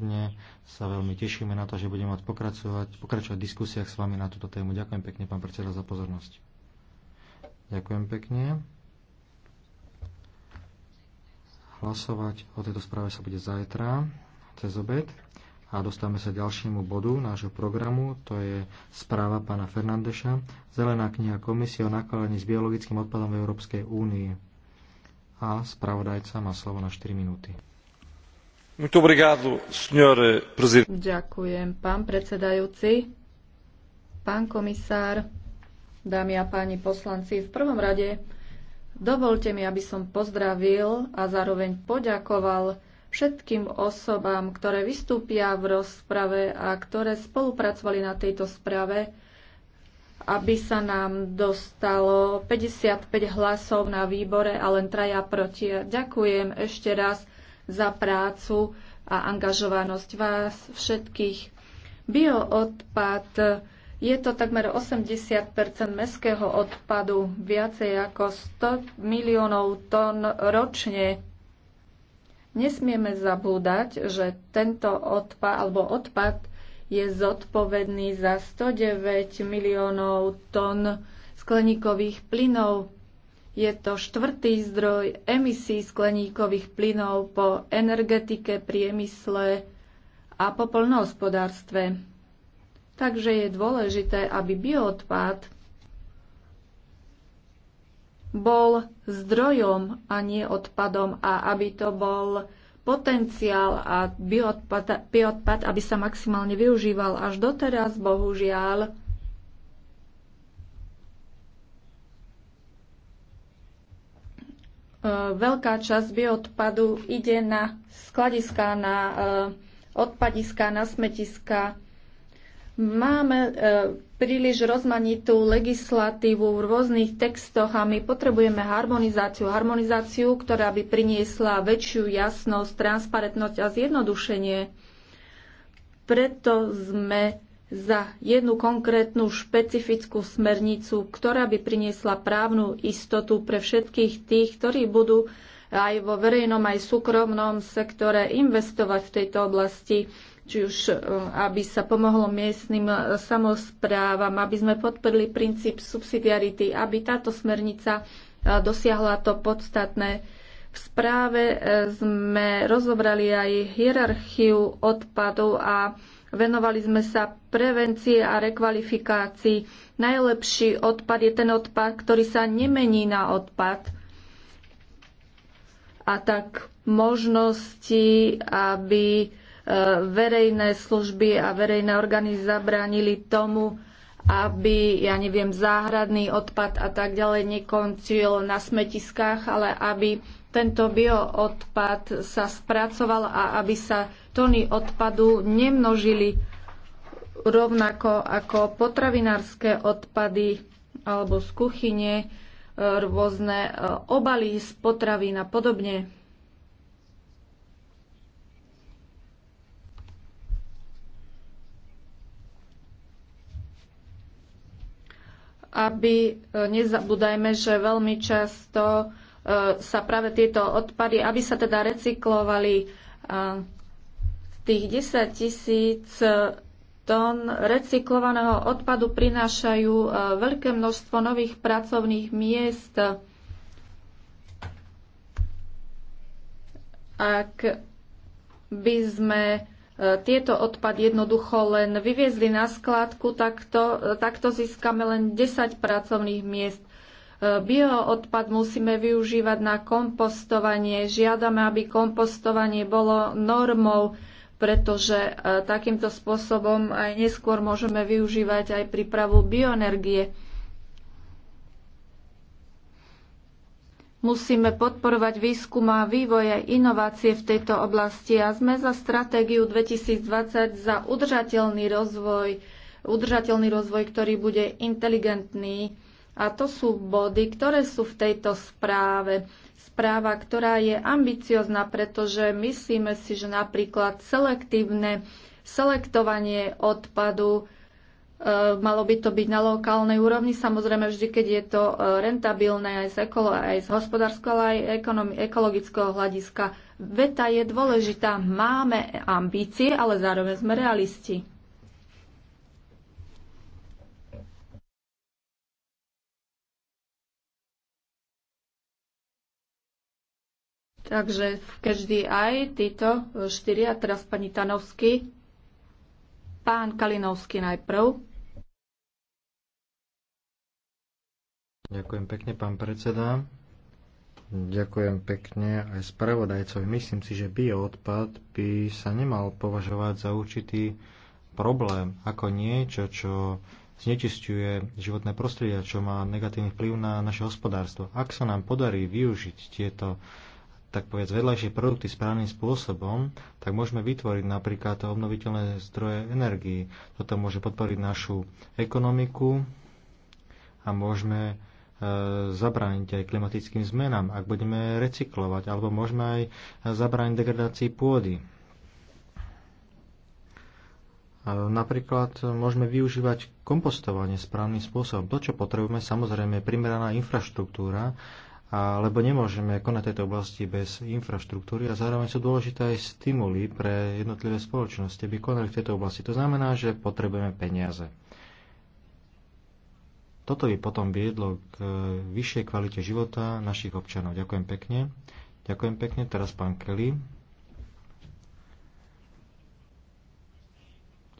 osobne sa veľmi tešíme na to, že budeme mať pokračovať, pokračovať v diskusiách s vami na túto tému. Ďakujem pekne, pán predseda, za pozornosť. Ďakujem pekne. Hlasovať o tejto správe sa bude zajtra, cez obed. A dostávame sa ďalšiemu bodu nášho programu, to je správa pána Fernandeša, Zelená kniha komisie o nakladaní s biologickým odpadom v Európskej únii. A spravodajca má slovo na 4 minúty. Eh, Ďakujem, pán predsedajúci. Pán komisár, dámy a páni poslanci, v prvom rade dovolte mi, aby som pozdravil a zároveň poďakoval všetkým osobám, ktoré vystúpia v rozprave a ktoré spolupracovali na tejto správe, aby sa nám dostalo 55 hlasov na výbore a len traja proti. Ďakujem ešte raz za prácu a angažovanosť vás všetkých. Bioodpad je to takmer 80 mestského odpadu, viacej ako 100 miliónov tón ročne. Nesmieme zabúdať, že tento odpad alebo odpad je zodpovedný za 109 miliónov tón skleníkových plynov. Je to štvrtý zdroj emisí skleníkových plynov po energetike, priemysle a po plnohospodárstve. Takže je dôležité, aby bioodpad bol zdrojom a nie odpadom a aby to bol potenciál a bioodpad, bioodpad aby sa maximálne využíval. Až doteraz, bohužiaľ, Eh, veľká časť bioodpadu ide na skladiska, na eh, odpadiska, na smetiska. Máme eh, príliš rozmanitú legislatívu v rôznych textoch a my potrebujeme harmonizáciu. Harmonizáciu, ktorá by priniesla väčšiu jasnosť, transparentnosť a zjednodušenie. Preto sme za jednu konkrétnu špecifickú smernicu, ktorá by priniesla právnu istotu pre všetkých tých, ktorí budú aj vo verejnom, aj súkromnom sektore investovať v tejto oblasti, či už e, aby sa pomohlo miestnym samozprávam, aby sme podporili princíp subsidiarity, aby táto smernica e, dosiahla to podstatné, v správe e, sme rozobrali aj hierarchiu odpadov a venovali sme sa prevencie a rekvalifikácii. Najlepší odpad je ten odpad, ktorý sa nemení na odpad. A tak možnosti, aby e, verejné služby a verejné orgány zabránili tomu, aby, ja neviem, záhradný odpad a tak ďalej nekončil na smetiskách, ale aby tento bioodpad sa spracoval a aby sa tony odpadu nemnožili rovnako ako potravinárske odpady alebo z kuchyne, e, rôzne e, obaly z potravín a podobne. Aby e, nezabúdajme, že veľmi často E, sa práve tieto odpady, aby sa teda recyklovali. Z tých 10 tisíc tón recyklovaného odpadu prinášajú e, veľké množstvo nových pracovných miest. Ak by sme e, tieto odpad jednoducho len vyviezli na skládku, tak to, získame len 10 pracovných miest. Bioodpad musíme využívať na kompostovanie. Žiadame, aby kompostovanie bolo normou, pretože e, takýmto spôsobom aj neskôr môžeme využívať aj prípravu bioenergie. Musíme podporovať výskum a vývoje a inovácie v tejto oblasti a sme za stratégiu 2020 za udržateľný rozvoj, udržateľný rozvoj, ktorý bude inteligentný a to sú body, ktoré sú v tejto správe. Správa, ktorá je ambiciozná, pretože myslíme si, že napríklad selektívne selektovanie odpadu e, malo by to byť na lokálnej úrovni, samozrejme vždy, keď je to e, rentabilné aj z, ekolo, aj z hospodárskeho, ale aj ekologického hľadiska. Veta je dôležitá, máme ambície, ale zároveň sme realisti. Takže každý aj títo štyria, teraz pani Tanovský, pán Kalinovský najprv. Ďakujem pekne, pán predseda. Ďakujem pekne aj spravodajcovi. Myslím si, že bioodpad by sa nemal považovať za určitý problém, ako niečo, čo znečisťuje životné prostredie, čo má negatívny vplyv na naše hospodárstvo. Ak sa nám podarí využiť tieto tak povedz, vedľajšie produkty správnym spôsobom, tak môžeme vytvoriť napríklad obnoviteľné zdroje energii. Toto môže podporiť našu ekonomiku a môžeme e, zabrániť aj klimatickým zmenám, ak budeme recyklovať, alebo môžeme aj e, zabrániť degradácii pôdy. Napríklad môžeme využívať kompostovanie správnym spôsobom. To, čo potrebujeme, samozrejme, je primeraná infraštruktúra, a, lebo nemôžeme konať tejto oblasti bez infraštruktúry a zároveň sú dôležité aj stimuly pre jednotlivé spoločnosti, aby konali v tejto oblasti. To znamená, že potrebujeme peniaze. Toto by potom viedlo k e, vyššej kvalite života našich občanov. Ďakujem pekne. Ďakujem pekne. Teraz pán Kelly.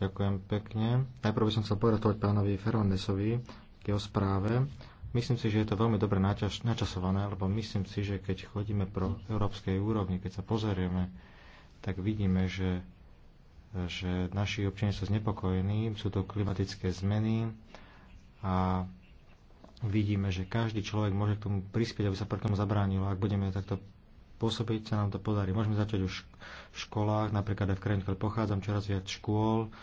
Ďakujem pekne. Najprv by som chcel pogratulovať pánovi Ferrandesovi k jeho správe Myslím si, že je to veľmi dobre načasované, lebo myslím si, že keď chodíme pro európskej úrovni, keď sa pozrieme, tak vidíme, že, že naši občania sú znepokojení, sú to klimatické zmeny a vidíme, že každý človek môže k tomu prispieť, aby sa pre tomu zabránilo. Ak budeme takto pôsobiť, sa nám to podarí. Môžeme začať už v školách, napríklad aj v krajine, ktoré pochádzam, čoraz viac škôl,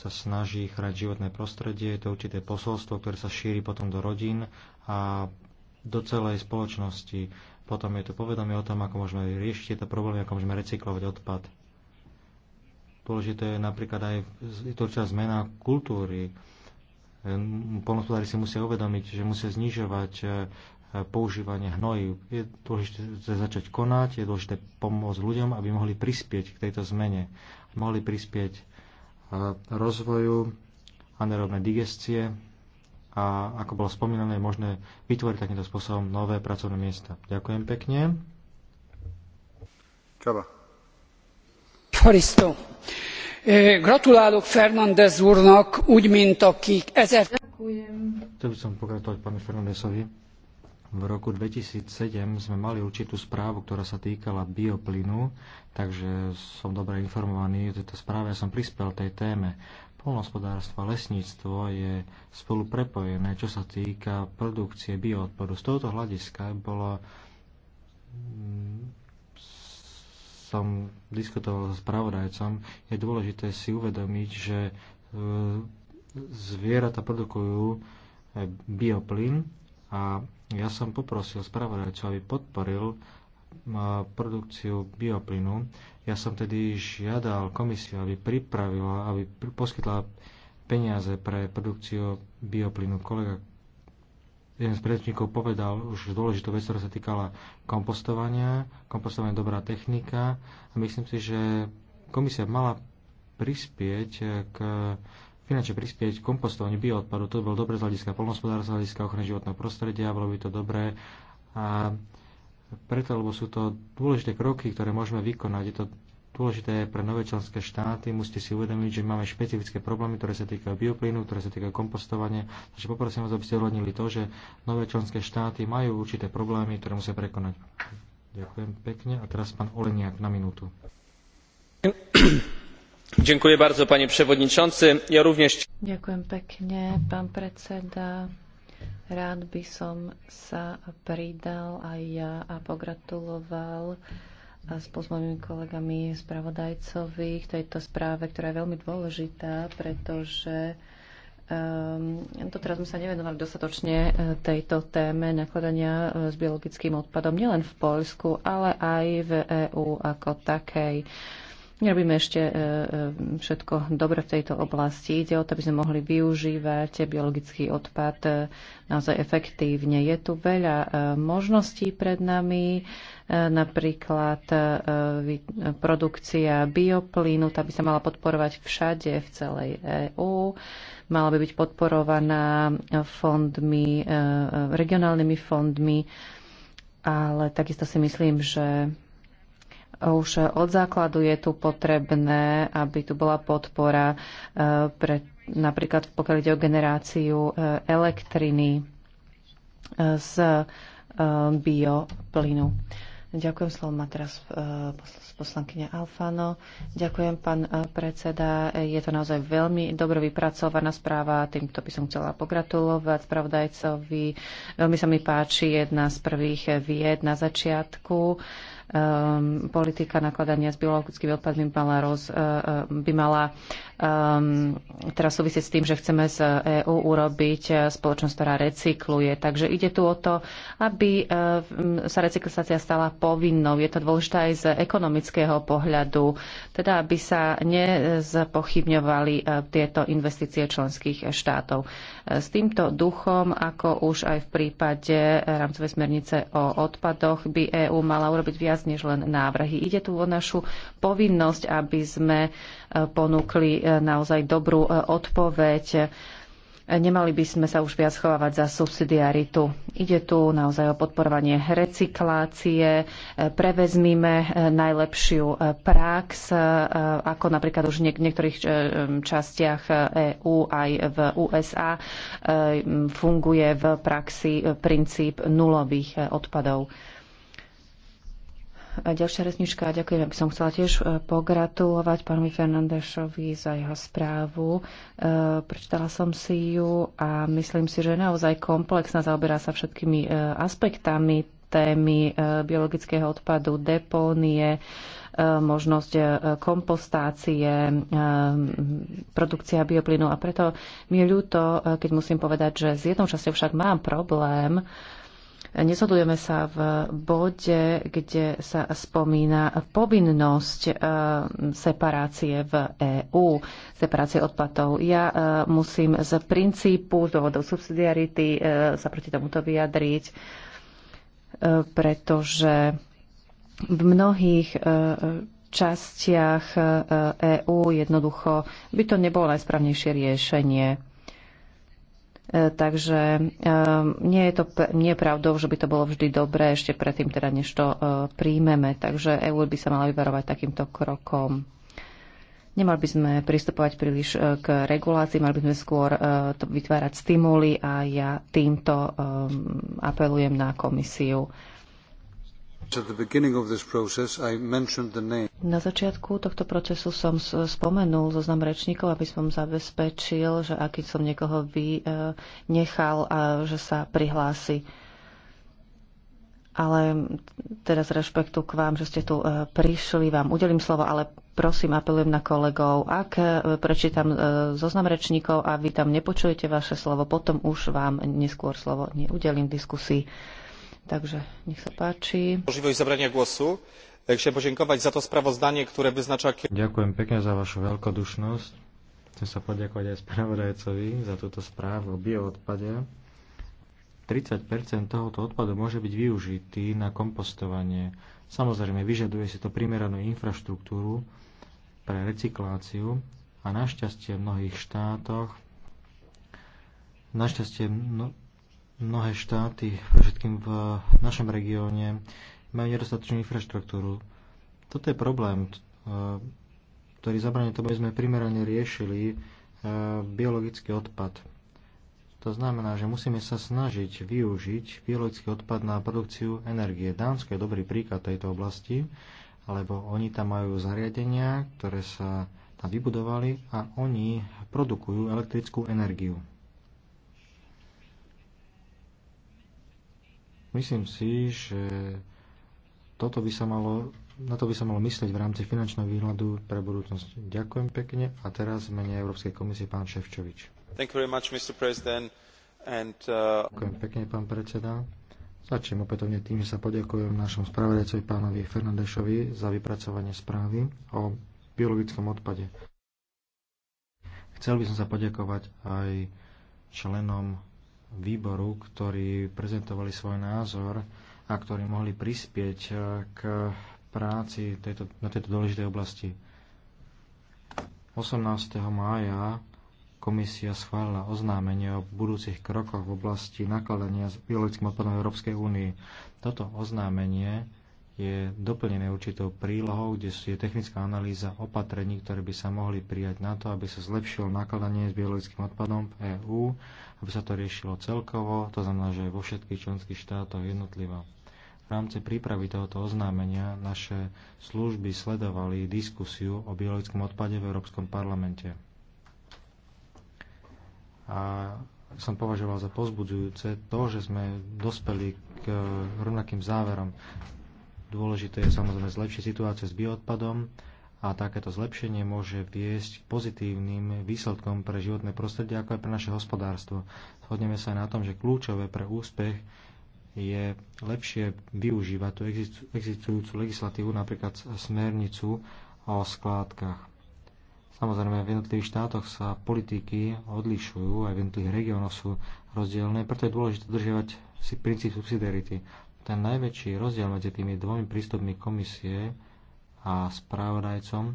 sa snaží chrániť životné prostredie, je to určité posolstvo, ktoré sa šíri potom do rodín a do celej spoločnosti. Potom je to povedomie o tom, ako môžeme riešiť tieto problémy, ako môžeme recyklovať odpad. Dôležité je napríklad aj je to určitá zmena kultúry. Ehm, polnospodári si musia uvedomiť, že musia znižovať e, používanie hnojív. Je dôležité začať konať, je dôležité pomôcť ľuďom, aby mohli prispieť k tejto zmene. Mohli prispieť E, rozvoju anerobnej digestie a ako bolo spomínané, je možné vytvoriť takýmto spôsobom nové pracovné miesta. Ďakujem pekne. Čaba. E, gratulálok Fernández úrnak, úgy, mint akik ezer... Ďakujem. Chcel by som pokratovať pánu Fernandezovi v roku 2007 sme mali určitú správu, ktorá sa týkala bioplynu, takže som dobre informovaný o tejto správe a som prispel tej téme. Polnohospodárstvo a lesníctvo je spolu prepojené, čo sa týka produkcie bioodpadu. Z tohoto hľadiska bolo mm, som diskutoval so spravodajcom, je dôležité si uvedomiť, že e, zvieratá produkujú e, bioplyn a ja som poprosil spravodajcu, aby podporil produkciu bioplynu. Ja som tedy žiadal komisiu, aby pripravila, aby poskytla peniaze pre produkciu bioplynu. Kolega jeden z predrečníkov povedal už dôležitú vec, ktorá sa týkala kompostovania. Kompostovanie je dobrá technika a myslím si, že komisia mala prispieť k finančne prispieť k kompostovaniu bioodpadu. To by bolo dobre z hľadiska polnospodárstva, z hľadiska ochrany životného prostredia, bolo by to dobré. A preto, lebo sú to dôležité kroky, ktoré môžeme vykonať. Je to dôležité pre nové členské štáty. Musíte si uvedomiť, že máme špecifické problémy, ktoré sa týkajú bioplynu, ktoré sa týkajú kompostovania. Takže poprosím vás, aby ste odhľadnili to, že nové členské štáty majú určité problémy, ktoré musia prekonať. Ďakujem pekne. A teraz pán Oleniak na minútu. Ďakujem bardzo, panie Ja również... Ďakujem pekne, pán predseda. Rád by som sa pridal aj ja a pogratuloval spolu s mojimi kolegami spravodajcovi k tejto správe, ktorá je veľmi dôležitá, pretože um, doteraz sme sa nevenovali dostatočne e, tejto téme nakladania e, s biologickým odpadom nielen v Poľsku, ale aj v EÚ ako takej. Nerobíme ešte e, e, všetko dobre v tejto oblasti. Ide o to, aby sme mohli využívať biologický odpad e, naozaj efektívne. Je tu veľa možností pred nami, napríklad produkcia bioplínu, tá by sa mala podporovať všade v celej EÚ. Mala by byť podporovaná fondmi, regionálnymi fondmi, ale takisto si myslím, že už od základu je tu potrebné, aby tu bola podpora e, pre, napríklad pokiaľ ide o generáciu e, elektriny e, z bioplynu. Ďakujem, slovo má teraz poslankyňa Alfano. Ďakujem, pán predseda. Je to naozaj veľmi dobre vypracovaná správa. Týmto by som chcela pogratulovať spravodajcovi. Veľmi sa mi páči jedna z prvých vied na začiatku. Uh, um, politika nakladania s biologickými odpadmi mala roz, uh, by mala um, teraz súvisieť s tým, že chceme z EÚ urobiť e, spoločnosť, ktorá recykluje. Takže ide tu o to, aby uh, sa recyklizácia stala povinnou. Je to dôležité aj z ekonomického pohľadu, teda aby sa uh, tieto investície členských štátov. S týmto duchom, ako už aj v prípade rámcovej smernice o odpadoch, by EÚ mala urobiť viac viac než len návrhy. Ide tu o našu povinnosť, aby sme e, ponúkli e, naozaj dobrú e, odpoveď Nemali by sme sa už viac schovávať za subsidiaritu. Ide tu naozaj o podporovanie recyklácie, prevezmime najlepšiu prax, ako napríklad už v niektorých častiach EÚ aj v USA funguje v praxi princíp nulových odpadov. Ďalšia resnička, ďakujem, aby som chcela tiež e, pogratulovať pánovi Fernandešovi za jeho správu. E, prečítala som si ju a myslím si, že je naozaj komplexná, zaoberá sa všetkými e, aspektami témy biologického odpadu, depónie, možnosť kompostácie, produkcia bioplynu. A preto mi je ľúto, keď musím povedať, že s jednou časťou však mám problém, Nezhodujeme sa v bode, kde sa spomína povinnosť eh, separácie v EÚ, separácie odplatov. Ja eh, musím z princípu, z dôvodov subsidiarity eh, sa proti tomuto vyjadriť, pretože v mnohých častiach EÚ e jednoducho by to nebolo najsprávnejšie riešenie E, takže e, nie je to nie pravdou, že by to bolo vždy dobré ešte predtým, teda než to e, príjmeme. Takže EU by sa mala vyvarovať takýmto krokom. Nemali by sme pristupovať príliš k regulácii, mali by sme skôr to vytvárať stimuly a ja týmto apelujem na komisiu na začiatku tohto procesu som spomenul zoznam rečníkov, aby som zabezpečil, že aký som niekoho vynechal, e, a že sa prihlási. Ale teraz rešpektu k vám, že ste tu e, prišli, vám udelím slovo, ale prosím, apelujem na kolegov, ak e, prečítam zoznam rečníkov a vy tam nepočujete vaše slovo, potom už vám neskôr slovo neudelím diskusii. Takže nech sa páči. Možnosť zabrania głosu. E, Chcem poďakovať za to sprawozdanie, ktoré vyznačá... Ďakujem pekne za vašu veľkodušnosť. Chcem sa poďakovať aj spravodajcovi za túto správu o bioodpade. 30 tohoto odpadu môže byť využitý na kompostovanie. Samozrejme, vyžaduje si to primeranú infraštruktúru pre recikláciu a našťastie v mnohých štátoch Našťastie Mnohé štáty, pre všetkým v našom regióne, majú nedostatočnú infraštruktúru. Toto je problém, e, ktorý zabranie tomu, aby sme primerane riešili e, biologický odpad. To znamená, že musíme sa snažiť využiť biologický odpad na produkciu energie. Dánsko je dobrý príklad tejto oblasti, lebo oni tam majú zariadenia, ktoré sa tam vybudovali a oni produkujú elektrickú energiu. Myslím si, že toto by sa malo, na to by sa malo myslieť v rámci finančného výhľadu pre budúcnosť. Ďakujem pekne a teraz mene Európskej komisie pán Ševčovič. Much, And, uh... Ďakujem pekne, pán predseda. Začnem opätovne tým, že sa poďakujem našom spravodajcovi pánovi Fernandešovi za vypracovanie správy o biologickom odpade. Chcel by som sa poďakovať aj členom výboru, ktorí prezentovali svoj názor a ktorí mohli prispieť eh, k práci tejto, na tejto dôležitej oblasti. 18. mája komisia schválila oznámenie o budúcich krokoch v oblasti nakladania s biologickým odpadom Európskej únii. Toto oznámenie je doplnené určitou prílohou, kde je technická analýza opatrení, ktoré by sa mohli prijať na to, aby sa zlepšilo nakladanie s biologickým odpadom v EÚ, aby sa to riešilo celkovo, to znamená, že vo všetkých členských štátoch jednotlivo. V rámci prípravy tohoto oznámenia naše služby sledovali diskusiu o biologickom odpade v Európskom parlamente. A som považoval za pozbudzujúce to, že sme dospeli k rovnakým záverom. Dôležité je samozrejme zlepšiť situáciu s bioodpadom a takéto zlepšenie môže viesť k pozitívnym výsledkom pre životné prostredie, ako aj pre naše hospodárstvo. Shodneme sa aj na tom, že kľúčové pre úspech je lepšie využívať tú existujúcu legislatívu, napríklad smernicu o skládkach. Samozrejme, v jednotlivých štátoch sa politiky odlišujú, aj v jednotlivých regiónoch sú rozdielne, preto je dôležité držiavať si princíp subsidiarity ten najväčší rozdiel medzi tými dvomi prístupmi komisie a správodajcom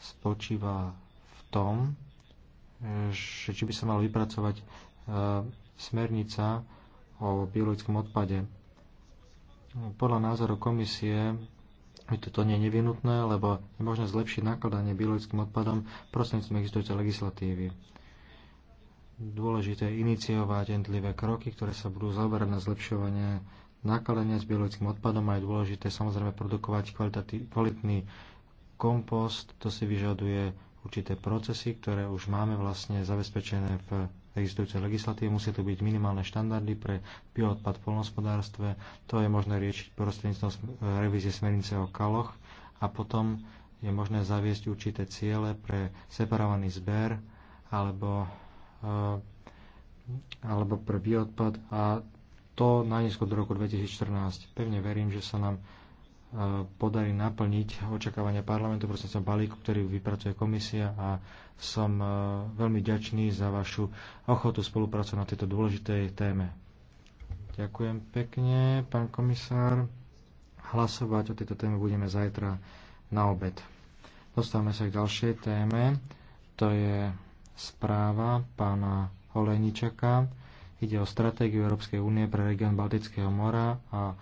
spočíva v tom, že či by sa mal vypracovať e, smernica o biologickom odpade. Podľa názoru komisie je toto nie je nevinutné, lebo je možné zlepšiť nakladanie biologickým odpadom prostredníctvom existujúcej legislatívy. Dôležité je iniciovať jednotlivé kroky, ktoré sa budú zaoberať na zlepšovanie Nakladania s biologickým odpadom je dôležité samozrejme produkovať kvalitný kompost. To si vyžaduje určité procesy, ktoré už máme vlastne zabezpečené v existujúcej legislatíve. Musia tu byť minimálne štandardy pre bioodpad v polnospodárstve. To je možné riešiť prostredníctvom revízie smernice o kaloch a potom je možné zaviesť určité ciele pre separovaný zber alebo, e, alebo pre bioodpad a to najnesko do roku 2014. Pevne verím, že sa nám e, podarí naplniť očakávania parlamentu prostredníctvom balíku, ktorý vypracuje komisia a som e, veľmi ďačný za vašu ochotu spolupracovať na tejto dôležitej téme. Ďakujem pekne, pán komisár. Hlasovať o tejto téme budeme zajtra na obed. Dostávame sa k ďalšej téme. To je správa pána Olejničaka Ide o stratégiu Európskej únie pre región Baltického mora a